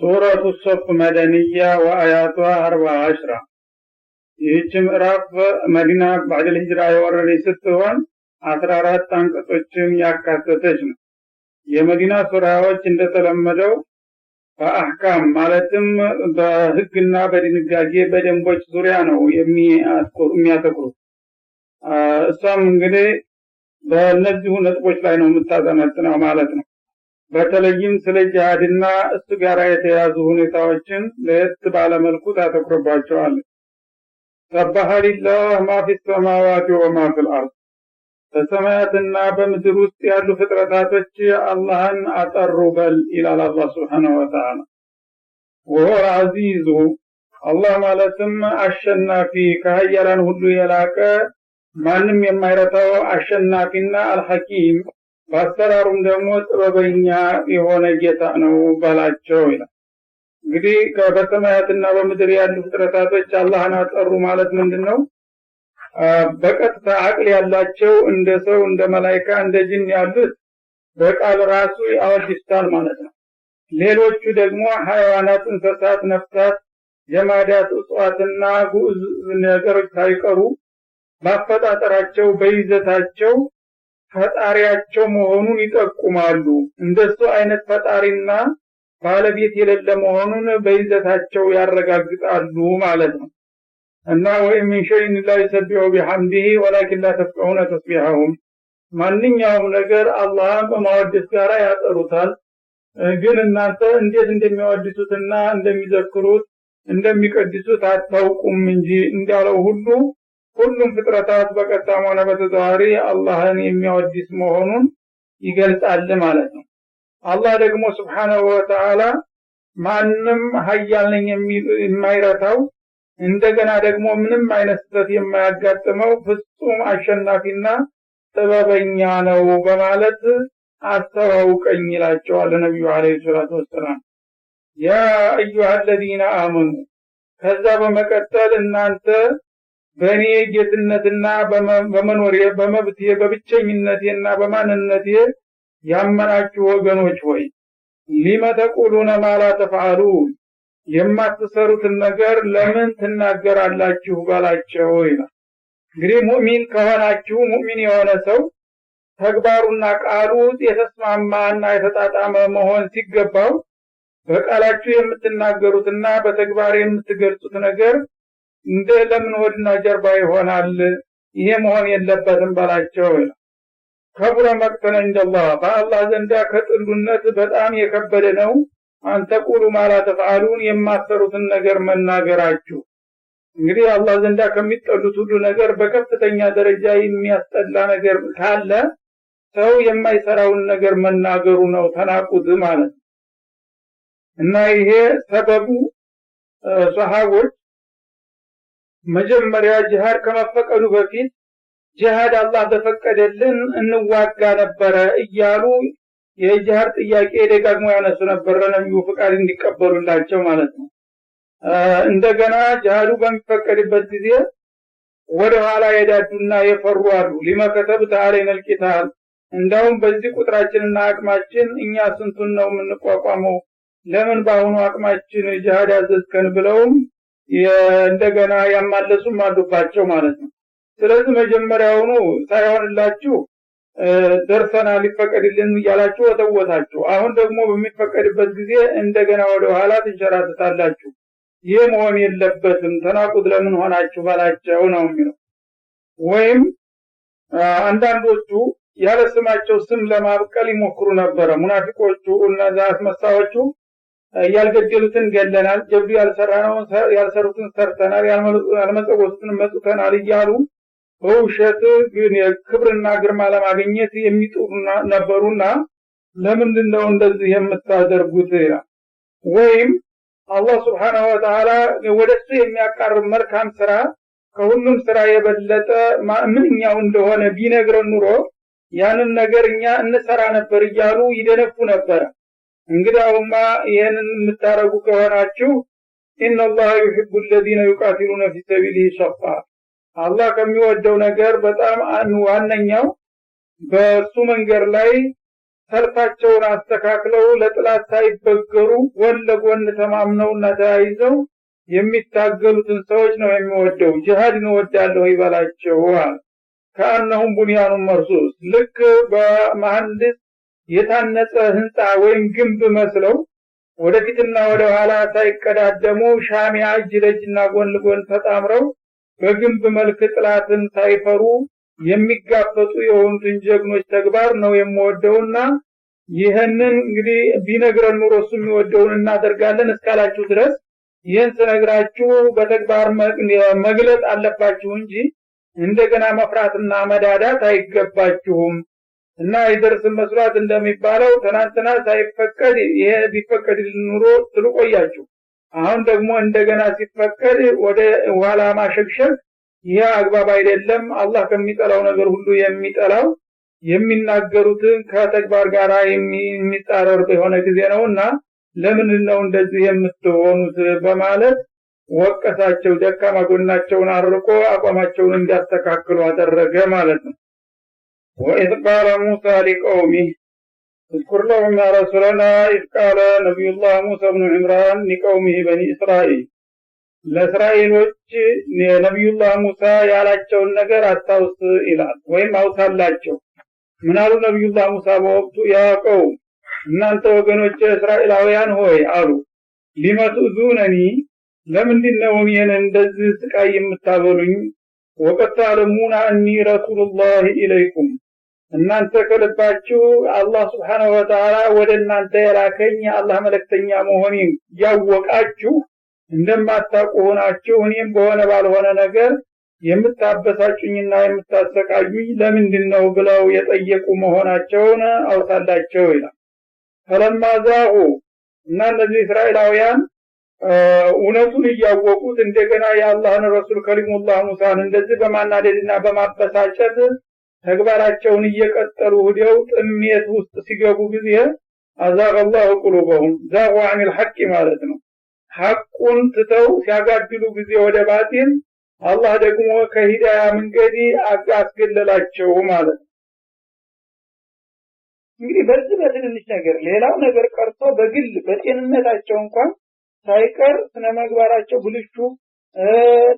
ሱረቱ ሶፍ መደንያ ወአያቷ አርባ አሽራ ይህች ምዕራፍ መዲና ባዕደል ሂጅራ የወረደች ስትሆን አስራ አራት አንቀጾችን ያካተተች ነው። የመዲና ሱራዎች እንደተለመደው በአህካም ማለትም በህግና በድንጋጌ በደንቦች ዙሪያ ነው የሚያተኩሩት። እሷም እንግዲህ በእነዚሁ ነጥቦች ላይ ነው የምታጠነጥነው ማለት ነው። በተለይም ስለ ጂሃድና እሱ ጋር የተያዙ ሁኔታዎችን ለየት ባለመልኩ ታተኩርባቸዋለች። ሰባሐ ሊላህ ማ ፊ ሰማዋት ወማ ፊ ልአርድ በሰማያትና በምድር ውስጥ ያሉ ፍጥረታቶች አላህን አጠሩ በል ይላል አላህ ስብሓንሁ ወተዓላ። ወሆ አዚዙ አላህ ማለትም አሸናፊ ከሀያላን ሁሉ የላቀ ማንም የማይረታው አሸናፊና አልሐኪም በአሰራሩም ደግሞ ጥበበኛ የሆነ ጌታ ነው በላቸው ይላል። እንግዲህ በሰማያትና በምድር ያሉ ፍጥረታቶች አላህን አጠሩ ማለት ምንድን ነው? በቀጥታ አቅል ያላቸው እንደ ሰው፣ እንደ መላይካ፣ እንደ ጅን ያሉት በቃል ራሱ ያወድስታል ማለት ነው። ሌሎቹ ደግሞ ሀይዋናት፣ እንስሳት፣ ነፍሳት፣ የማዳት እጽዋትና ጉዝ ነገሮች ሳይቀሩ ማፈጣጠራቸው በይዘታቸው ፈጣሪያቸው መሆኑን ይጠቁማሉ። እንደሱ አይነት ፈጣሪና ባለቤት የሌለ መሆኑን በይዘታቸው ያረጋግጣሉ ማለት ነው እና ወይም ምን ሸይን ላ ዩሰቢሑ ቢሐምዲሂ ወላኪን ላ ተፍቀሁነ ተስቢሐሁም ማንኛውም ነገር አላህን በማወደስ ጋር ያጠሩታል። ግን እናንተ እንዴት እንደሚያወድሱትና እንደሚዘክሩት እንደሚቀድሱት አታውቁም እንጂ እንዳለው ሁሉ ሁሉም ፍጥረታት በቀጥታም ሆነ በተዘዋሪ አላህን የሚያወድስ መሆኑን ይገልጻል ማለት ነው። አላህ ደግሞ ስብሓነሁ ወተዓላ ማንም ሀያል ነኝ የማይረታው እንደገና ደግሞ ምንም አይነት ስተት የማያጋጥመው ፍጹም አሸናፊና ጥበበኛ ነው በማለት አስተዋውቀኝ ይላቸዋል ነቢዩ አለይሂ ሰላቱ ወሰላም። ያ አዩሃ አለዚነ አመኑ ከዛ በመቀጠል እናንተ በእኔ ጌትነትና በመኖሬ በመብቴ በብቸኝነቴና በማንነቴ ያመናችሁ ወገኖች ሆይ ሊመተቁሉነ ማላ ተፈአሉን የማትሰሩትን ነገር ለምን ትናገራላችሁ ባላቸው ይላል። እንግዲህ ሙእሚን ከሆናችሁ ሙእሚን የሆነ ሰው ተግባሩና ቃሉ የተስማማና የተጣጣመ መሆን ሲገባው በቃላችሁ የምትናገሩትና በተግባር የምትገልጹት ነገር እንደ ለምን ወድና ጀርባ ይሆናል? ይሄ መሆን የለበትም በላቸው። ከቡረ መቅተን እንደላህ በአላህ ዘንዳ ከጥንዱነት በጣም የከበደ ነው። አንተ ቁሉ ማላ ተፍአሉን የማትሰሩትን ነገር መናገራችሁ። እንግዲህ አላህ ዘንዳ ከሚጠሉት ሁሉ ነገር በከፍተኛ ደረጃ የሚያስጠላ ነገር ካለ ሰው የማይሰራውን ነገር መናገሩ ነው፣ ተናቁት ማለት ነው። እና ይሄ ሰበቡ ሰሃቦች መጀመሪያ ጅሃድ ከመፈቀዱ በፊት ጅሃድ አላህ በፈቀደልን እንዋጋ ነበረ እያሉ የጅሃድ ጥያቄ ደጋግሞ ያነሱ ነበረ፣ ነቢዩ ፍቃድ እንዲቀበሉላቸው ማለት ነው። እንደገና ጅሃዱ በሚፈቀድበት ጊዜ ወደ ኋላ የዳዱና የፈሩ አሉ። ሊመከተብት አለይና ልቂታል እንዳውም በዚህ ቁጥራችንና አቅማችን እኛ ስንቱን ነው የምንቋቋመው? ለምን በአሁኑ አቅማችን ጅሃድ ያዘዝከን ብለውም እንደገና ያማለሱም አሉባቸው ማለት ነው። ስለዚህ መጀመሪያውኑ ሳይሆንላችሁ ደርሰና ሊፈቀድልን እያላችሁ ወተወታችሁ። አሁን ደግሞ በሚፈቀድበት ጊዜ እንደገና ወደ ኋላ ትንሸራትታላችሁ። ይህ መሆን የለበትም። ተናቁት ለምን ሆናችሁ በላቸው ነው የሚለው። ወይም አንዳንዶቹ ያለ ስማቸው ስም ለማብቀል ይሞክሩ ነበረ። ሙናፊቆቹ እነዛ አስመሳዎቹ። ያልገደሉትን ገለናል፣ ጀብዱ ያልሰራነውን ያልሰሩትን ሰርተናል፣ ያልመጸወቱትን መጡተናል እያሉ በውሸት ክብርና ግርማ ለማግኘት የሚጥሩ ነበሩና ለምንድን ነው እንደዚህ የምታደርጉት? ወይም አላህ ስብሓነሁ ወተዓላ ወደ እሱ የሚያቃርብ መልካም ስራ ከሁሉም ስራ የበለጠ ምንኛው እንደሆነ ቢነግረን ኑሮ ያንን ነገር እኛ እንሰራ ነበር እያሉ ይደነፉ ነበረ። እንግዳውማ ይህንን የምታረጉ ከሆናችሁ ኢነላህ ዩሕቡ ለዚነ ዩቃቲሉነ ፊ ሰቢልህ ሰፋ አላህ ከሚወደው ነገር በጣም ዋነኛው በእሱ መንገድ ላይ ሰልፋቸውን አስተካክለው ለጥላት ሳይበገሩ ጎን ለጎን ተማምነውና ተያይዘው የሚታገሉትን ሰዎች ነው የሚወደው። ጅሃድን እወዳለሁ ይበላቸው አለ። ከአነሁም ቡንያኑን መርሱስ ልክ በመሐንዲስ የታነጸ ህንፃ ወይም ግንብ መስለው ወደፊትና ወደ ኋላ ሳይቀዳደሙ ሻሚያ እጅ ለእጅና ጎን ለጎን ተጣምረው በግንብ መልክ ጥላትን ሳይፈሩ የሚጋፈጡ የሆኑትን ጀግኖች ተግባር ነው የምወደውና ይህንን እንግዲህ ቢነግረን ኑሮ እሱ የሚወደውን እናደርጋለን እስካላችሁ ድረስ ይህን ስነግራችሁ በተግባር መግለጥ አለባችሁ እንጂ እንደገና መፍራትና መዳዳት አይገባችሁም እና የደርስን መስራት እንደሚባለው ትናንትና ሳይፈቀድ ይሄ ቢፈቀድ ኑሮ ትልቆያችሁ አሁን ደግሞ እንደገና ሲፈቀድ ወደ ኋላ ማሸግሸግ ይህ አግባብ አይደለም። አላህ ከሚጠላው ነገር ሁሉ የሚጠላው የሚናገሩትን ከተግባር ጋር የሚጣረር በሆነ ጊዜ ነው እና ለምንድን ነው እንደዚህ የምትሆኑት በማለት ወቀሳቸው። ደካማ ጎናቸውን አርቆ አቋማቸውን እንዲያስተካክሉ አደረገ ማለት ነው። وإذ قال موسى لقومه اذكر لهم يا رسولنا إذ قال نبي الله موسى بن عمران لقومه بني إسرائيل ለእስራኤሎች የነቢዩላህ ሙሳ ያላቸውን ነገር አስታውስ ይላል ወይም አውሳላቸው ምናሉ ነቢዩላህ ሙሳ በወቅቱ ያቀው እናንተ ወገኖች እስራኤላውያን ሆይ አሉ ሊመቱ ዙነኒ ለምንድን ነው እኔን እንደዚህ ስቃይ የምታበሉኝ ወቀት ተዕለሙነ አኒ ረሱሉላህ ኢለይኩም እናንተ ከልባችሁ አላህ ስብሓነሁ ወተዓላ ወደ እናንተ የላከኝ የአላህ መለክተኛ መሆኔ እያወቃችሁ እንደማታውቁ ሆናችሁ እኔም በሆነ ባልሆነ ነገር የምታበሳጩኝና የምታሰቃዩኝ ለምንድን ነው ብለው የጠየቁ መሆናቸውን አውሳላቸው ይላል ፈለማ ዛቁ እና እነዚህ እስራኤላውያን እውነቱን እያወቁት እንደገና የአላህን ረሱል ከሊሙላህ ሙሳን እንደዚህ በማናደድ ና በማበሳጨት ተግባራቸውን እየቀጠሉ ሁዲው ጥሜት ውስጥ ሲገቡ ጊዜ አዛቀ ላሁ ቁሉበሁም ዛቁ አኒል ሐቂ ማለት ነው። ሐቁን ትተው ሲያጋድሉ ጊዜ ወደ ባጢል አላህ ደግሞ ከሂዳያ መንገድ አስገለላቸው ማለት እንግዲህ በዚህ በትንንሽ ነገር ሌላው ነገር ቀርቶ በግል በጤንነታቸው እንኳን ሳይቀር ስነ ምግባራቸው ብልሹ፣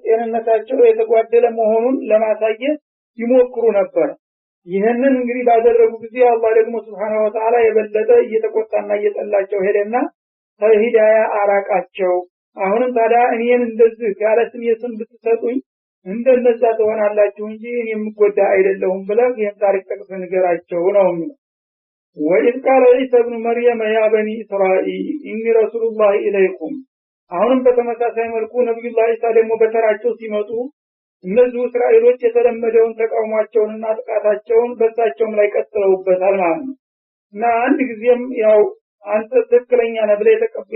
ጤንነታቸው የተጓደለ መሆኑን ለማሳየት ይሞክሩ ነበር። ይህንን እንግዲህ ባደረጉ ጊዜ አላህ ደግሞ ስብሓነ ወተዓላ የበለጠ እየተቆጣና እየጠላቸው ሄደና ከሂዳያ አራቃቸው። አሁንም ታዲያ እኔን እንደዚህ ያለ ስሜ ስም ብትሰጡኝ እንደነዛ ትሆናላችሁ እንጂ እኔ የምጎዳ አይደለሁም ብለህ ይህን ታሪክ ጠቅስ ንገራቸው ነው የሚለው። ወይም ቃለ ዒሳ ብኑ መርየም ያ በኒ እስራኤል ኢኒ ረሱሉላህ ኢለይኩም አሁንም በተመሳሳይ መልኩ ነቢዩላህ ዒሳ ደግሞ በተራቸው ሲመጡ እነዚሁ እስራኤሎች የተለመደውን ተቃውሟቸውንና ጥቃታቸውን በሳቸውም ላይ ቀጥለውበታል ማለት ነው እና አንድ ጊዜም ያው አንተ ትክክለኛ ነህ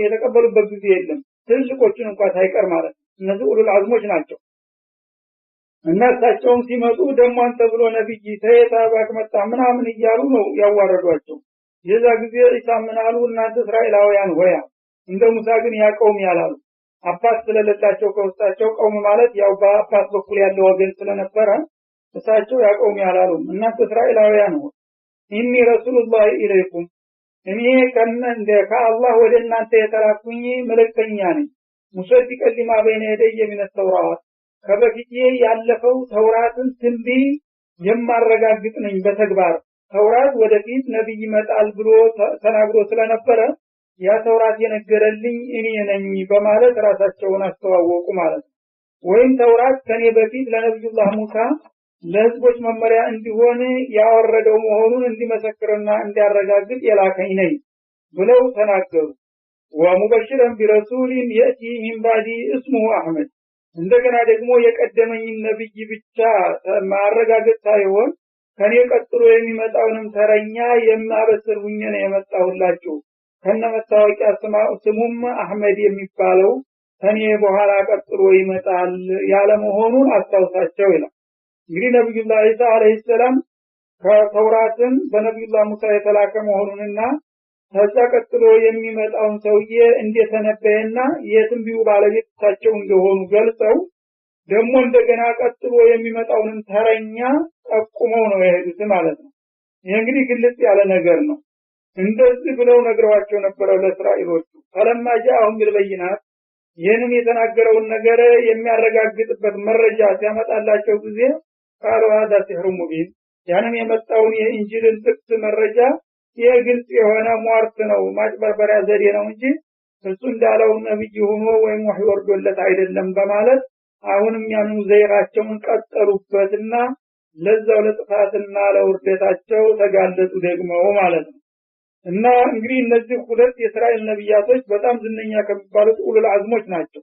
የተቀበሉበት ጊዜ የለም ትልልቆቹን እንኳ ሳይቀር ማለት ነው እነዚህ ኡሉል አዝሞች ናቸው እና እሳቸውም ሲመጡ ደግሞ አንተ ብሎ ነቢይ ተየት ባክመጣ መጣ ምናምን እያሉ ነው ያዋረዷቸው። የዛ ጊዜ ኢሳ ምን አሉ? እናንተ እስራኤላውያን ሆያ እንደ ሙሳ ግን ያቀውም ያላሉ አባት ስለሌላቸው ከውስጣቸው ቀውም ማለት ያው በአባት በኩል ያለው ወገን ስለነበረ እሳቸው ያቀውም ያላሉ እናንተ እስራኤላውያን ሆ ኢኒ ረሱሉላህ ኢለይኩም እኔ ከነ እንደ ከአላህ ወደ እናንተ የተላኩኝ መልእክተኛ ነኝ ሙሰዲቀን ሊማ በይነ የደየ ሚነ ተውራት ከበፊቴ ያለፈው ተውራትን ትንቢይ የማረጋግጥ ነኝ በተግባር ተውራት ወደፊት ነቢይ ይመጣል ብሎ ተናግሮ ስለነበረ ያ ተውራት የነገረልኝ እኔ ነኝ በማለት ራሳቸውን አስተዋወቁ ማለት ነው። ወይም ተውራት ከኔ በፊት ለነቢዩላህ ሙሳ ለህዝቦች መመሪያ እንዲሆን ያወረደው መሆኑን እንዲመሰክርና እንዲያረጋግጥ የላከኝ ነኝ ብለው ተናገሩ። ወሙበሽረን ቢረሱሊን የእቲ ሚን ባዕዲ አህመድ እንደገና ደግሞ የቀደመኝን ነብይ ብቻ ማረጋገጥ ሳይሆን ከኔ ቀጥሎ የሚመጣውንም ተረኛ የማበስር ሁኜ ነው የመጣሁላችሁ ከነ መታወቂያ ስሙም አህመድ የሚባለው ከኔ በኋላ ቀጥሎ ይመጣል ያለመሆኑን አስታውሳቸው ይላል። እንግዲህ ነቢዩላህ ዒሳ አለይሂ ሰላም ከተውራትን በነቢዩላህ ሙሳ የተላከ መሆኑንና ከዛ ቀጥሎ የሚመጣውን ሰውዬ እንደተነበየና የትንቢው ባለቤታቸው እንደሆኑ ገልጸው ደግሞ እንደገና ቀጥሎ የሚመጣውንም ተረኛ ጠቁመው ነው የሄዱት ማለት ነው። ይህ እንግዲህ ግልጽ ያለ ነገር ነው። እንደዚህ ብለው ነግረዋቸው ነበረ ለእስራኤሎቹ ፈለማ ጃአሁም ቢልበይናት ይህንን የተናገረውን ነገር የሚያረጋግጥበት መረጃ ሲያመጣላቸው ጊዜ ቃሉ ሀዛ ሲሕሩ ሙቢን ያንን የመጣውን የእንጅልን ጥቅስ መረጃ ይህ ግልጽ የሆነ ሟርት ነው፣ ማጭበርበሪያ ዘዴ ነው እንጂ እሱ እንዳለው ነቢይ ሆኖ ወይም ወህይ ወርዶለት አይደለም በማለት አሁንም ያንኑ ዘይራቸውን ቀጠሉበትና ለዛው ለጥፋትና ለውርደታቸው ተጋለጡ ደግሞ ማለት ነው። እና እንግዲህ እነዚህ ሁለት የእስራኤል ነቢያቶች በጣም ዝነኛ ከሚባሉት ኡሉል አዝሞች ናቸው።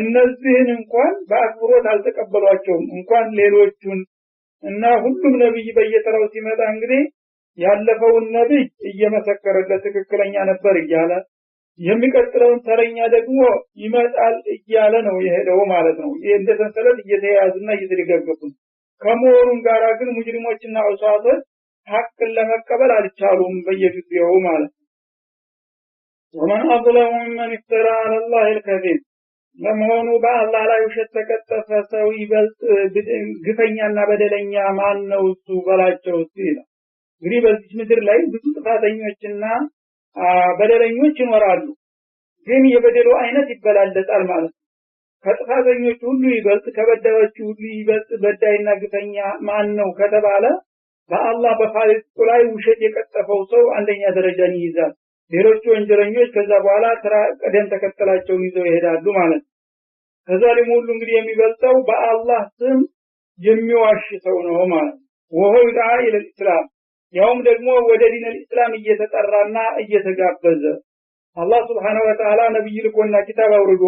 እነዚህን እንኳን በአክብሮት አልተቀበሏቸውም እንኳን ሌሎቹን እና ሁሉም ነቢይ በየተራው ሲመጣ እንግዲህ ያለፈውን ነቢይ እየመሰከረለ ትክክለኛ ነበር እያለ የሚቀጥለውን ተረኛ ደግሞ ይመጣል እያለ ነው የሄደው ማለት ነው። እንደ ሰንሰለት እየተያያዙና እየተደጋገፉ ከመሆኑም ጋር ግን ሙጅሪሞችና ዑሷቶች ሀቅን ለመቀበል አልቻሉም በየጊዜው ማለት ነው። ወመን አظለሙ ምመን ይፍተራ አለላህ ልከዚብ ለመሆኑ በአላህ ላይ ውሸት ተቀጠፈ ሰው ይበልጥ ግፈኛና በደለኛ ማን ነው እሱ በላቸው ሲል እንግዲህ በዚህ ምድር ላይ ብዙ ጥፋተኞችና በደለኞች ይኖራሉ። ግን የበደሉ አይነት ይበላለጣል ማለት ነው። ከጥፋተኞች ሁሉ ይበልጥ ከበደሎች ሁሉ ይበልጥ በዳይና ግፈኛ ማን ነው ከተባለ በአላህ በፋሪቁ ላይ ውሸት የቀጠፈው ሰው አንደኛ ደረጃን ይይዛል። ሌሎቹ ወንጀለኞች ከዛ በኋላ ስራ ቀደም ተከተላቸውን ይዘው ይሄዳሉ ማለት ነው። ከዛሊም ሁሉ እንግዲህ የሚበልጠው በአላህ ስም የሚዋሽ ሰው ነው ማለት ነው። ወሆ ይዳ ኢለል ያውም ደግሞ ወደ ዲነል ኢስላም እየተጠራና እየተጋበዘ አላህ ስብሓነሁ ወተዓላ ነቢይ ልኮና ኪታብ አውርዶ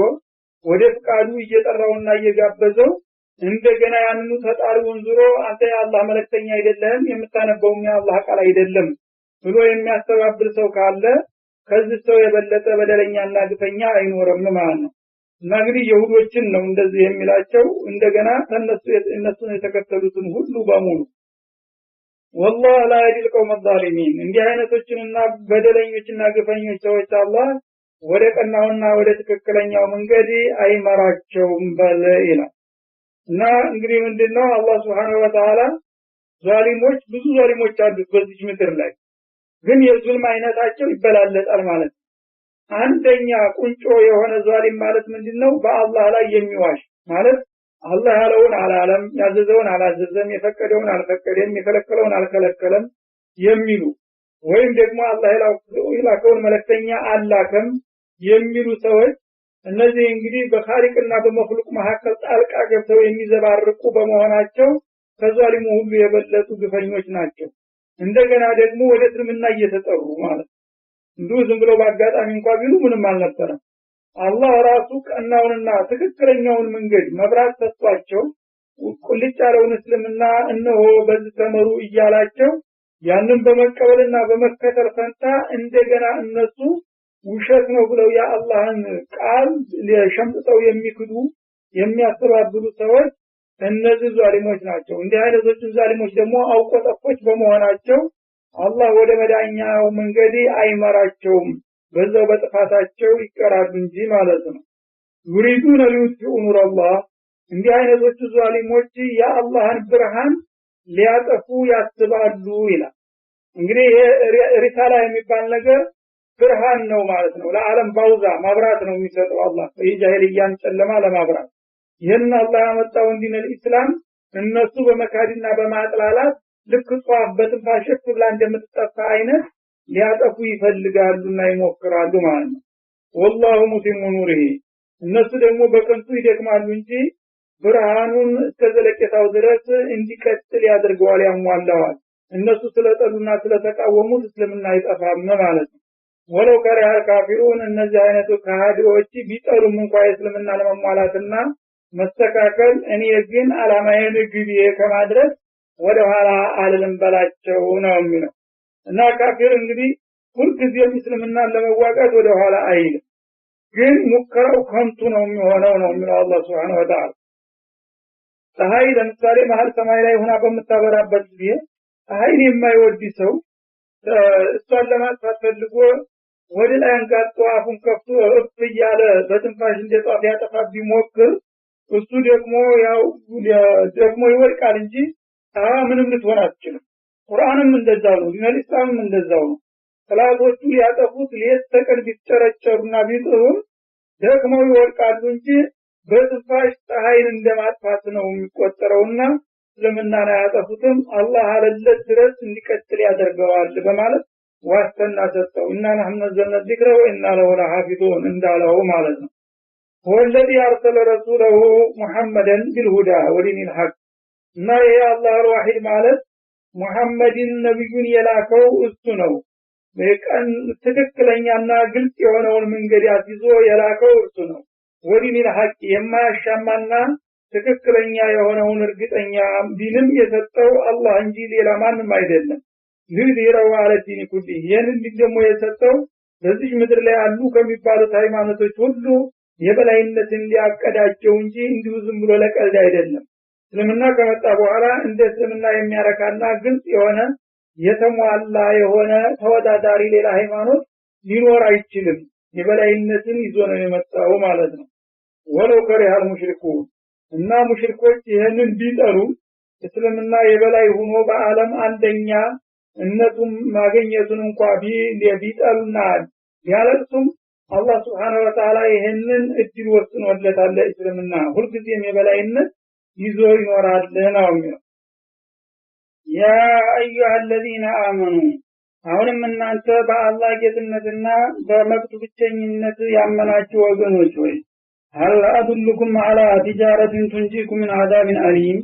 ወደ ፍቃዱ እየጠራውና እየጋበዘው እንደገና ያንኑ ተጣሪውን ዙሮ አንተ የአላህ መለክተኛ አይደለህም የምታነበውም የአላህ ቃል አይደለም ብሎ የሚያስተባብል ሰው ካለ ከዚህ ሰው የበለጠ በደለኛና ግፈኛ አይኖርም ማለት ነው። እና እንግዲህ የሁዶችን ነው እንደዚህ የሚላቸው እንደገና ከነሱ እነሱን የተከተሉትን ሁሉ በሙሉ ወላህ ላያዲል ቀውም አዛሊሚን እንዲህ አይነቶችንና በደለኞችና ግፈኞች ሰዎች አላህ ወደ ቀናውና ወደ ትክክለኛው መንገድ አይመራቸውም በል ይላል እና እንግዲህ ምንድን ነው አላህ ስብሓነሁ ወተዓላ ዛሊሞች ብዙ ዛሊሞች አሉት በዚች ምድር ላይ ግን የዙልም አይነታቸው ይበላለጣል ማለት ነው አንደኛ ቁንጮ የሆነ ዛሊም ማለት ምንድን ነው በአላህ ላይ የሚዋሽ ማለት አላህ ያለውን አላለም፣ ያዘዘውን አላዘዘም፣ የፈቀደውን አልፈቀደም፣ የከለከለውን አልከለከለም የሚሉ ወይም ደግሞ አላህ የላከውን መለክተኛ አላከም የሚሉ ሰዎች እነዚህ እንግዲህ በካሊቅና በመክሉቅ መካከል ጣልቃ ገብተው የሚዘባርቁ በመሆናቸው ከዛሊሙ ሁሉ የበለጡ ግፈኞች ናቸው። እንደገና ደግሞ ወደ እስልምና እየተጠሩ ማለት እንዲሁ ዝም ብለው በአጋጣሚ እንኳ ቢሉ ምንም አልነበረም። አላህ ራሱ ቀናውንና ትክክለኛውን መንገድ መብራት ሰጥቷቸው ቁልጭ ያለውን እስልምና እነሆ በዚህ ተመሩ እያላቸው ያንን በመቀበልና በመከተል ፈንታ እንደገና እነሱ ውሸት ነው ብለው የአላህን ቃል ሸምጥጠው የሚክዱ የሚያስተባብሉ ሰዎች እነዚህ ዛሊሞች ናቸው። እንዲህ አይነቶችን ዛሊሞች ደግሞ አውቆ ጠፎች በመሆናቸው አላህ ወደ መዳኛው መንገድ አይመራቸውም። በዛው በጥፋታቸው ይቀራሉ እንጂ ማለት ነው ዩሪዱነ ሊዩጥፊኡ እንዲህ አይነቶቹ ዟሊሞች የአላህን ብርሃን ሊያጠፉ ያስባሉ ይላል እንግዲህ ይሄ ሪሳላ የሚባል ነገር ብርሃን ነው ማለት ነው ለዓለም ባውዛ ማብራት ነው የሚሰጠው አላህ የጃሂልያን ጨለማ ለማብራት ይህን አላህ ያመጣውን ዲነል ኢስላም እነሱ በመካድና በማጥላላት ልክ ጧፍ በትንፋሽ ብላ እንደምትጠፋ አይነት ሊያጠፉ ይፈልጋሉና ይሞክራሉ ማለት ነው ወላሁ ሙቲሙ ኑሪሂ እነሱ ደግሞ በቅንጡ ይደክማሉ እንጂ ብርሃኑን እስከ ዘለቄታው ድረስ እንዲቀጥል ያደርገዋል ያሟላዋል እነሱ ስለጠሉና ስለተቃወሙት እስልምና አይጠፋም ማለት ነው ወለው ከሪሃ ካፊሩን እነዚህ አይነቱ ከሃዲዎች ቢጠሉም እንኳ የእስልምና ለመሟላትና መስተካከል እኔ ግን አላማዬን ግብዬ ከማድረስ ወደ ኋላ አልልም በላቸው ነው የሚለው እና ካፊር እንግዲህ ጊዜ እስልምናን ለመዋጋት ወደ ኋላ አይልም ግን ሙከራው ከንቱ ነው የሚሆነው ነው የሚለው አላህ ስብሓን ወተዓላ ፀሐይ ለምሳሌ መሀል ሰማይ ላይ ሆና በምታበራበት ጊዜ ፀሐይን የማይወድ ሰው እሷን ለማጥፋት ፈልጎ ወደ ላይ አንጋጦ አፉን ከፍቶ እፍ እያለ በትንፋሽ እንደ ጧፍ ያጠፋ ቢሞክር እሱ ደግሞ ያው ደግሞ ይወድቃል እንጂ ፀሐይ ምንም ልትሆን አትችልም ቁርአንም እንደዛው ነው፣ ዲነል ኢስላምም እንደዛው ነው። ጥላቶቹ ያጠፉት ሌት ተቀን ቢጨረጨሩና ቢጥሩም ደክመው ይወድቃሉ እንጂ በጥፋሽ ፀሐይን እንደማጥፋት ነው የሚቆጠረውና ነው ያጠፉትም አላህ አለለት ድረስ እንዲቀጥል ያደርገዋል በማለት ዋስተና ሰጠው። እና ናህኑ ነዘልነ ዚክረ ወኢና ለሁ ለሓፊዙን እንዳለው ማለት ነው። ወለዚ አርሰለ ረሱለሁ ሙሐመደን ቢልሁዳ ወዲኒል ሐቅ እና ይሄ አላህ አልዋሂድ ማለት ሙሐመድን ነቢዩን የላከው እሱ ነው ቀን ትክክለኛና ግልጽ የሆነውን መንገድ አስይዞ የላከው እርሱ ነው ወዲኒል ሀቅ የማያሻማና ትክክለኛ የሆነውን እርግጠኛ ዲንም የሰጠው አላህ እንጂ ሌላ ማንም አይደለም ሊዩዝሂረሁ አለ ዲኒ ኩሊህ ዲን ደግሞ የሰጠው በዚህ ምድር ላይ አሉ ከሚባሉት ሃይማኖቶች ሁሉ የበላይነት እንዲያቀዳቸው እንጂ እንዲሁ ዝም ብሎ ለቀልድ አይደለም እስልምና ከመጣ በኋላ እንደ እስልምና የሚያረካና ግልጽ የሆነ የተሟላ የሆነ ተወዳዳሪ ሌላ ሃይማኖት ሊኖር አይችልም የበላይነትን ይዞ ነው የመጣው ማለት ነው ወለው ከሪሃል ሙሽሪኩ እና ሙሽሪኮች ይህንን ቢጠሉ እስልምና የበላይ ሆኖ በአለም አንደኛ እነቱም ማገኘቱን እንኳ ቢጠሉና ቢያለቅሱም አላህ ስብሓን ወተላ ይህንን እድል ወስኖለታለ እስልምና ሁልጊዜም የበላይነት ይዞ ይኖራል ነው የሚለው ያ አዩሃ አለዚነ አመኑ አሁንም እናንተ በአላህ ጌትነትና በመብቱ ብቸኝነት ያመናችሁ ወገኖች ወይ هل أدلكم على تجارة تنجيكم من عذاب أليم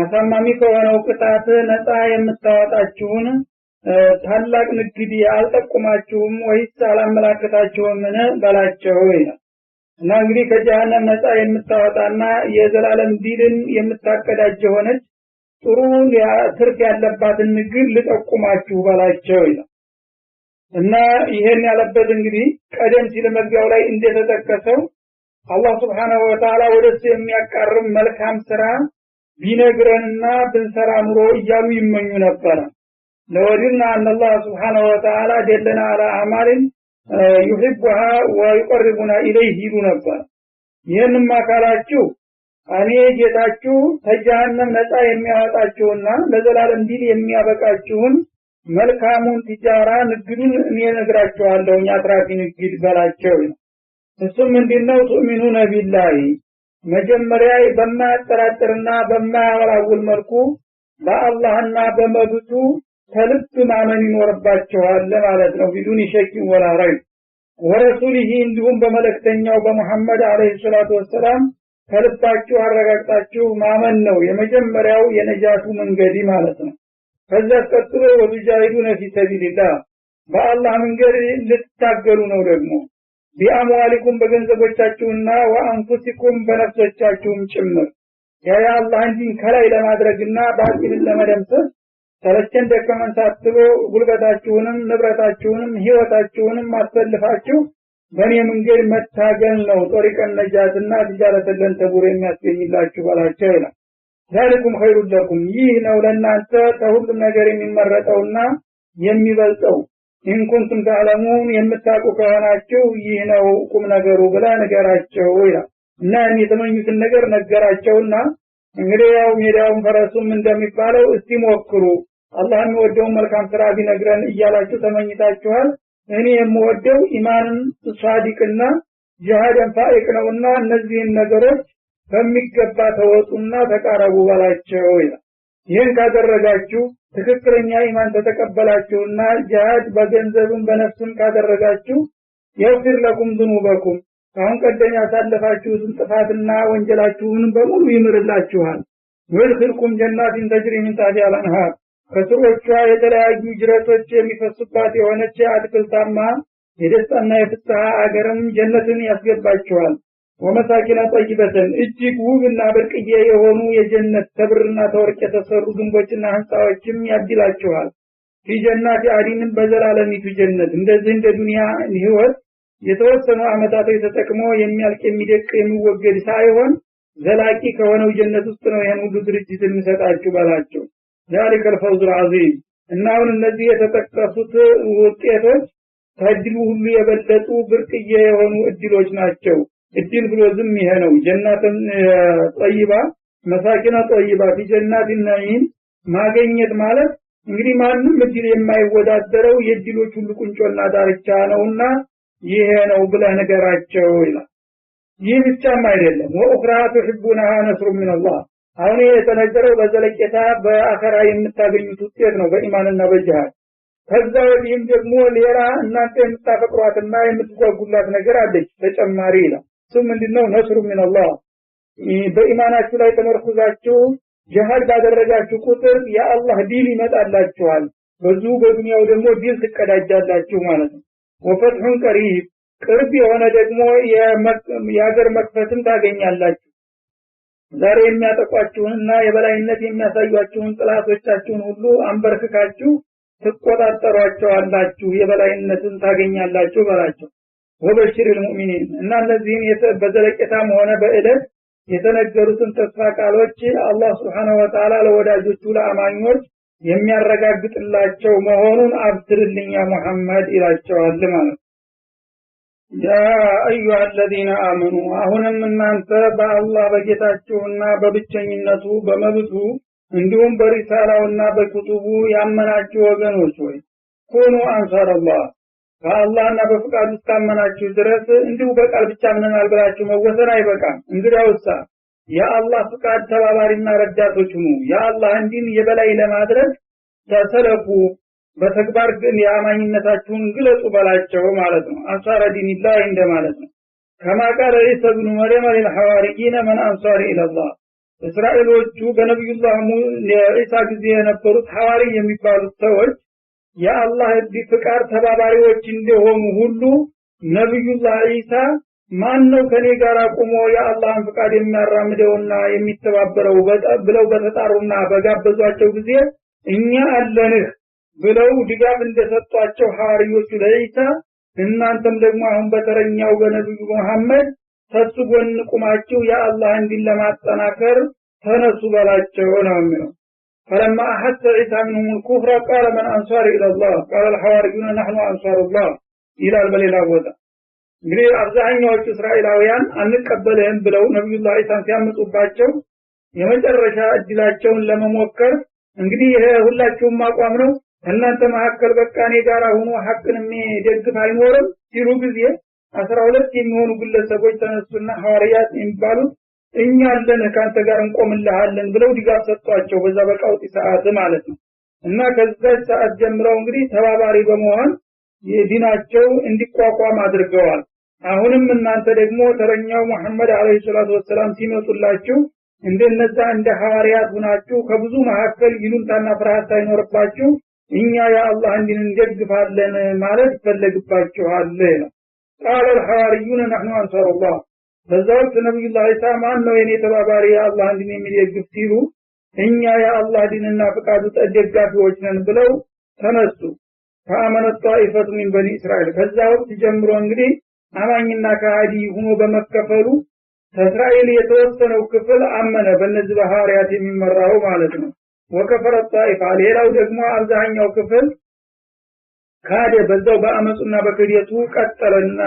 አሳማሚ ከሆነው ቅጣት ነፃ የምታወጣችሁን ታላቅ ንግድ አልጠቁማችሁም ወይስ አላመላከታችሁምን በላቸው ይላል እና እንግዲህ ከጀሃነም ነጻ የምታወጣና የዘላለም ዲልን የምታቀዳጅ የሆነች ጥሩ ትርፍ ያለባትን ግን ልጠቁማችሁ በላቸው ይላል። እና ይሄን ያለበት እንግዲህ ቀደም ሲል መግቢያው ላይ እንደተጠቀሰው አላህ ስብሓነሁ ወተዓላ ወደሱ የሚያቃርም መልካም ስራ ቢነግረንና ብንሰራ ኑሮ እያሉ ይመኙ ነበረ። ለወዲና አነላህ ስብሓነሁ ወተዓላ ደለና አላ አማልን ዩሕቡሃ ወዩቀርቡና ኢለይህ ይሉ ነበር ይህንም አካላችሁ እኔ ጌታችሁ ከጀሃነም ነፃ የሚያወጣችሁና ለዘላለም ዲል የሚያበቃችሁን መልካሙን ቲጃራ ንግዱን እኔ ነግራችኋለሁኝ አትራፊ ንግድ በላቸው እሱም ምንድነው ቱእሚኑነ ቢላሂ መጀመሪያ በማያጠራጥርና በማያወላውል መልኩ በአላህና በመብቱ ከልብ ማመን ይኖርባቸዋል ማለት ነው ቢዱን ሸኪን ወላ ረይብ ወረሱሊህ እንዲሁም በመለክተኛው በሙሐመድ አለህ ሰላቱ ወሰላም ከልባችሁ አረጋግጣችሁ ማመን ነው የመጀመሪያው የነጃቱ መንገዲ ማለት ነው ከዛ ቀጥሎ ወቱጃሂዱነ ፊ ሰቢልላህ በአላህ መንገድ ልትታገሉ ነው ደግሞ ቢአምዋሊኩም በገንዘቦቻችሁና ወአንፉሲኩም በነፍሶቻችሁም ጭምር ያ የአላህን ዲን ከላይ ለማድረግና ባጢልን ለመደምሰስ ሰለቸን ደከመን ሳትሎ ጉልበታችሁንም ንብረታችሁንም ህይወታችሁንም አሰልፋችሁ በእኔ መንገድ መታገል ነው ጦሪቀን ነጃትና ትጃረተለን ተቡር የሚያስገኝላችሁ በላቸው ይላል። ዛሊኩም ኸይሩ ለኩም ይህ ነው ለእናንተ ከሁሉም ነገር የሚመረጠውና የሚበልጠው ኢንኩንቱም ተዕለሙን የምታውቁ ከሆናችሁ ይህ ነው ቁም ነገሩ ብላ ነገራቸው ይላል እና የተመኙትን ነገር ነገራቸውና እንግዲህ ያው ሜዳውን ፈረሱም እንደሚባለው እስቲ ሞክሩ አላህ የሚወደውን መልካም ስራ ቢነግረን እያላችሁ ተመኝታችኋል። እኔ የምወደው ኢማንን ሳዲቅና ጅሃደን ፋኢቅ ነውና እነዚህን ነገሮች በሚገባ ተወጡና ተቃረቡ በላቸው ይላል። ይህን ካደረጋችሁ ትክክለኛ ኢማን ተተቀበላችሁና ጅሃድ በገንዘብም በነፍስም ካደረጋችሁ የፊር ለኩም ዝኑበኩም አሁን ቀደም ያሳለፋችሁትን ጥፋትና ወንጀላችሁን በሙሉ ይምርላችኋል። ወይድክልኩም ጀናትን ተጅሪ ሚን ታሕቲሃ አልአንሃር ከስሮቿ የተለያዩ ጅረቶች የሚፈሱባት የሆነች አትክልታማ የደስታና የፍስሐ አገርም ጀነትን ያስገባቸዋል። ወመሳኪና ጠይበተን እጅግ ውብና ብርቅዬ የሆኑ የጀነት ተብርና ተወርቅ የተሰሩ ግንቦችና ህንፃዎችም ያድላቸዋል። ፊጀናት አዲንም በዘላለሚቱ ጀነት እንደዚህ እንደ ዱኒያ ህይወት የተወሰኑ አመታቶች ተጠቅሞ የሚያልቅ የሚደቅ የሚወገድ ሳይሆን ዘላቂ ከሆነው ጀነት ውስጥ ነው ይህን ሁሉ ድርጅት የሚሰጣችሁ ባላቸው ذلك الفوز العظيم እና አሁን እነዚህ የተጠቀሱት ውጤቶች ከእድሉ ሁሉ የበለጡ ብርቅዬ የሆኑ እድሎች ናቸው እድል ብሎ ዝም ይሄ ነው ጀናትን ጠይባ መሳኪና ጠይባ ፊ ጀናት ማገኘት ማለት እንግዲህ ማንም እድል የማይወዳደረው የእድሎች ሁሉ ቁንጮና ዳርቻ ነውና ይሄ ነው ብለህ ነገራቸው ይላል ይህ ብቻም አይደለም ወኡክራ ትሕቡናሃ ነስሩ ሚንላህ አሁን የተነገረው በዘለቄታ በአከራ የምታገኙት ውጤት ነው በኢማንና በጅሃድ ከዛ ወዲህም ደግሞ ሌላ እናንተ የምታፈቅሯትና የምትጓጉላት ነገር አለች ተጨማሪ ይላል እሱ ምንድነው ነስሩ ሚንላህ በኢማናችሁ ላይ ተመርኩዛችሁ ጀሃድ ባደረጋችሁ ቁጥር የአላህ ዲን ይመጣላችኋል በዙ በዱንያው ደግሞ ዲን ትቀዳጃላችሁ ማለት ነው ወፈትሑን ቀሪብ ቅርብ የሆነ ደግሞ የሀገር መክፈትም ታገኛላችሁ ዛሬ የሚያጠቋችሁንና የበላይነት የሚያሳያችሁን ጥላቶቻችሁን ሁሉ አንበርክካችሁ ትቆጣጠሯቸዋላችሁ፣ የበላይነትን ታገኛላችሁ በላቸው። ወበሽር ልሙእሚኒን እና እነዚህን በዘለቄታም ሆነ በእለት የተነገሩትን ተስፋ ቃሎች አላህ ስብሓነሁ ወተላ ለወዳጆቹ ለአማኞች የሚያረጋግጥላቸው መሆኑን አብስርልኛ ሙሐመድ ይላቸዋል ማለት ነው። ያ አለዚነ አመኑ አሁንም እናንተ በአላህ በጌታችሁና በብቸኝነቱ በመብቱ እንዲሁም በሪሳላውና በኩቱቡ ያመናችሁ ወገኖች ሆይ ኩኑ አንሳረላህ ከአላህና በፍቃዱ እስካመናችሁ ድረስ እንዲሁ በቃል ብቻ ምነናል ብላችሁ መወሰን አይበቃም። እንግዲያውሳ የአላህ ፍቃድ ተባባሪና ረዳቶች ሁኑ። የአላህን እንዲን የበላይ ለማድረግ ተሰለፉ። በተግባር ግን የአማኝነታችሁን ግለጹ በላቸው ማለት ነው አንሳረ ዲኒላህ እንደማለት ነው ከማ ቃለ ዒሳ ብኑ መርየም ሊልሐዋርይነ መን አንሳር ኢለላህ እስራኤሎቹ በነቢዩላህ የዒሳ ጊዜ የነበሩት ሐዋሪ የሚባሉት ሰዎች የአላህ ፍቃድ ተባባሪዎች እንደሆኑ ሁሉ ነቢዩላህ ዒሳ ማን ነው ከኔ ጋር ቁሞ የአላህን ፍቃድ የሚያራምደውና የሚተባበረው ብለው በተጣሩና በጋበዟቸው ጊዜ እኛ አለንህ ብለው ድጋፍ እንደሰጧቸው ሐዋርዮቹ ለይተ እናንተም ደግሞ አሁን በተረኛው በነቢዩ መሐመድ ከሱ ጎን ቁማችሁ የአላህ እንዲን ለማጠናከር ተነሱ በላቸው ነው የሚለው ፈለማ አሐሰ ዒሳ ምንሁም ልኩፍረ ቃለ መን አንሷር ኢለላህ ቃለ ልሐዋርዩነ ናሕኑ አንሷሩላህ ይላል በሌላ ቦታ እንግዲህ አብዛኛዎቹ እስራኤላውያን አንቀበልህም ብለው ነቢዩላህ ዒሳን ሲያምጡባቸው የመጨረሻ እድላቸውን ለመሞከር እንግዲህ ይሄ ሁላችሁም አቋም ነው እናንተ መካከል በቃ እኔ ጋር ሆኖ ሀቅን የሚደግፍ አይኖርም ሲሉ ጊዜ አስራ ሁለት የሚሆኑ ግለሰቦች ተነሱና ሐዋርያት የሚባሉት እኛ አለን ከአንተ ጋር እንቆምልሃለን ብለው ድጋፍ ሰጥቷቸው በዛ በቃውጢ ሰዓት ማለት ነው። እና ከዛች ሰዓት ጀምረው እንግዲህ ተባባሪ በመሆን የዲናቸው እንዲቋቋም አድርገዋል። አሁንም እናንተ ደግሞ ተረኛው መሐመድ አለይሂ ሰላቱ ወሰላም ሲመጡላችሁ እንደነዛ እንደ ሐዋርያት ሁናችሁ ከብዙ መካከል ይሉንታና ፍርሃት ሳይኖርባችሁ እኛ የአላህን ዲን እንደግፋለን ማለት ይፈለግባችኋል ነው ቃለ ልሐዋርዩን ነሕኑ አንሳሩላህ በዛ ወቅት ነቢዩላህ ዒሳ ማን ነው የኔ ተባባሪ የአላህን ዲን የሚደግፍ ሲሉ እኛ የአላህ ዲንና ፍቃዱ ደጋፊዎች ነን ብለው ተነሱ ከአመነት ጣኢፈቱ ሚን በኒ እስራኤል ከዛ ወቅት ጀምሮ እንግዲህ አማኝና ከሃዲ ሆኖ በመከፈሉ ከእስራኤል የተወሰነው ክፍል አመነ በእነዚህ በሐዋርያት የሚመራው ማለት ነው ወከፈረ ጣይፋ ሌላው ደግሞ አብዛኛው ክፍል ካደ በዛው በአመፁና በክህደቱ ቀጠለና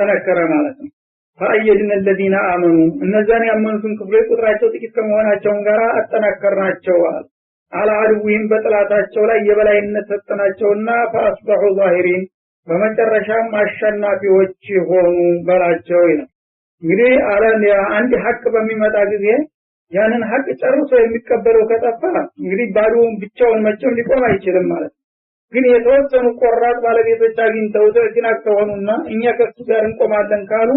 ተነከረ ማለት ነው ፈአየድን ለዚነ አመኑ እነዛን ያመኑትን ክፍሎች ቁጥራቸው ጥቂት ከመሆናቸውን ጋር አጠናከርናቸዋል አላ በጥላታቸው ላይ የበላይነት ሰጠናቸውና ፈአስበሑ ዛሂሪን በመጨረሻም አሸናፊዎች ሆኑ በላቸው ይላል እንግዲህ አንድ ሀቅ በሚመጣ ጊዜ ያንን ሀቅ ጨርሶ የሚቀበለው ከጠፋ እንግዲህ ባዶውን ብቻውን መቼም ሊቆም አይችልም ማለት ነው። ግን የተወሰኑ ቆራጥ ባለቤቶች አግኝተው ተእጅናት ከሆኑና እኛ ከሱ ጋር እንቆማለን ካሉ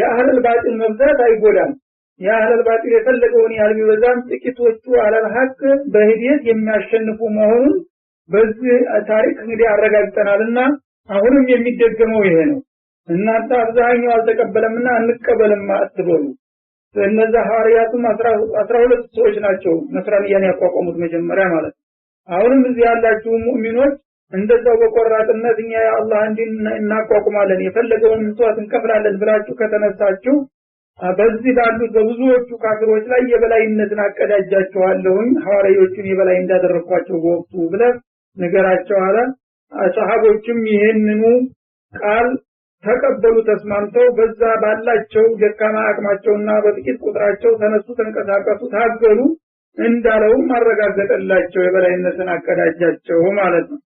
የአህለል ባጢል መብዛት አይጎዳም። የአህለል ባጢል የፈለገውን ያህል ቢበዛም ጥቂቶቹ አህለል ሀቅ በሂደት የሚያሸንፉ መሆኑን በዚህ ታሪክ እንግዲህ አረጋግጠናልና አሁንም የሚደገመው ይሄ ነው። እናንተ አብዛኛው አልተቀበለምና እንቀበልም አትበሉ። እነዛ ሐዋርያቱም አስራ ሁለት ሰዎች ናቸው ነስራንያን ያቋቋሙት መጀመሪያ ማለት ነው። አሁንም እዚህ ያላችሁ ሙእሚኖች እንደዛው በቆራጥነት እኛ የአላህ እንዲን እናቋቁማለን የፈለገውን ምጽዋት እንከፍላለን ብላችሁ ከተነሳችሁ በዚህ ላሉት በብዙዎቹ ካፊሮች ላይ የበላይነትን አቀዳጃችኋለሁኝ ሐዋርያዎቹን የበላይ እንዳደረግኳቸው በወቅቱ ብለ ነገራቸው አለ። ሰሃቦችም ይህንኑ ቃል ተቀበሉ ተስማምተው በዛ ባላቸው ደካማ አቅማቸውና በጥቂት ቁጥራቸው ተነሱ፣ ተንቀሳቀሱ፣ ታገሉ እንዳለውም አረጋገጠላቸው የበላይነትን አቀዳጃቸው ማለት ነው።